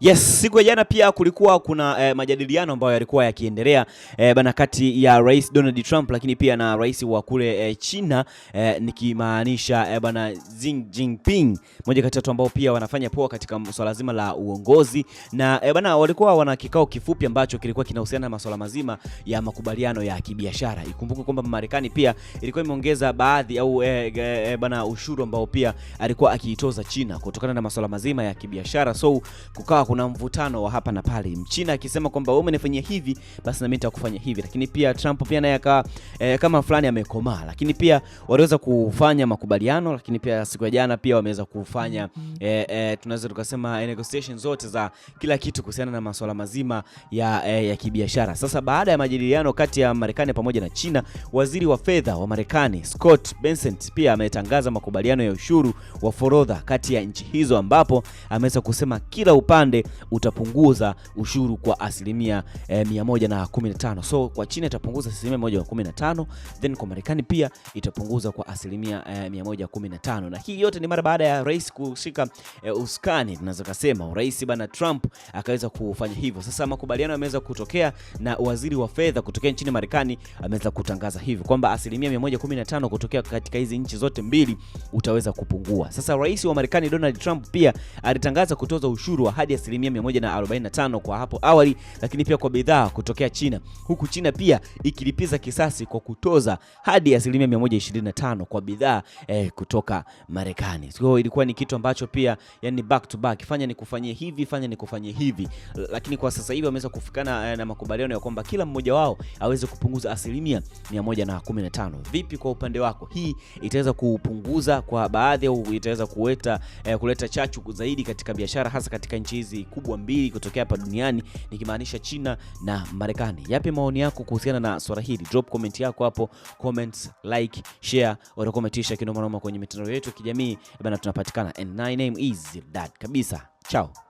Yes, siku ya jana pia kulikuwa kuna eh, majadiliano ambayo yalikuwa yakiendelea eh, bana kati ya Rais Donald Trump lakini pia na rais wa kule eh, China eh, nikimaanisha eh, bana Xi Jinping, moja kati ya watu ambao pia wanafanya poa katika swala zima la uongozi na eh, bana walikuwa wana kikao kifupi ambacho kilikuwa kinahusiana na masuala mazima ya makubaliano ya kibiashara. Ikumbuke kwamba Marekani pia ilikuwa imeongeza baadhi au eh, eh, bana ushuru ambao pia alikuwa akiitoza China kutokana na masuala mazima ya kibiashara. So kukaa kuna mvutano wa hapa na pale, Mchina akisema kwamba wewe umenifanyia hivi, basi na mimi nitakufanya hivi. Lakini pia Trump pia naye aka e, kama fulani amekomaa. Lakini pia waliweza kufanya makubaliano, lakini pia siku ya jana pia wameweza kufanya e, e, tunaweza tukasema negotiation zote za kila kitu kuhusiana na masuala mazima ya, e, ya kibiashara. Sasa baada ya majadiliano kati ya Marekani pamoja na China, waziri wa fedha wa Marekani Scott Bessent pia ametangaza makubaliano ya ushuru wa forodha kati ya nchi hizo, ambapo ameweza kusema kila upande upande utapunguza ushuru kwa asilimia eh, 115. So kwa China itapunguza asilimia 115, then kwa Marekani pia itapunguza kwa asilimia eh, 115, na hii yote ni mara baada ya rais kushika eh, uskani. Tunaweza kusema rais bana Trump akaweza kufanya hivyo. Sasa makubaliano yameweza kutokea na waziri wa fedha kutokea nchini Marekani ameweza kutangaza hivyo kwamba asilimia 115 kutokea katika hizi nchi zote mbili utaweza kupungua. Sasa rais wa Marekani Donald Trump pia alitangaza kutoza ushuru wa hadi asilimia 145 kwa hapo awali, lakini pia kwa bidhaa kutokea China, huku China pia ikilipiza kisasi kwa kutoza hadi asilimia 125 kwa bidhaa eh, kutoka Marekani. So, ilikuwa ni kitu ambacho pia yani back to back, fanya nikufanyie hivi, fanya nikufanyie hivi, lakini kwa sasa hivi wameweza kufikana eh, na makubaliano ya kwamba kila mmoja wao aweze kupunguza asilimia 115. Vipi kwa upande wako, hii itaweza kupunguza kwa baadhi au itaweza kuleta eh, kuleta chachu zaidi katika biashara hasa katika nchi hizi hizi kubwa mbili kutokea hapa duniani nikimaanisha China na Marekani. Yapi maoni yako kuhusiana na swala hili? Drop comment yako hapo, comments, like, share, utakometisha kinoma noma kwenye mitandao yetu ya kijamii bana, tunapatikana and my name is Dad kabisa. Ciao.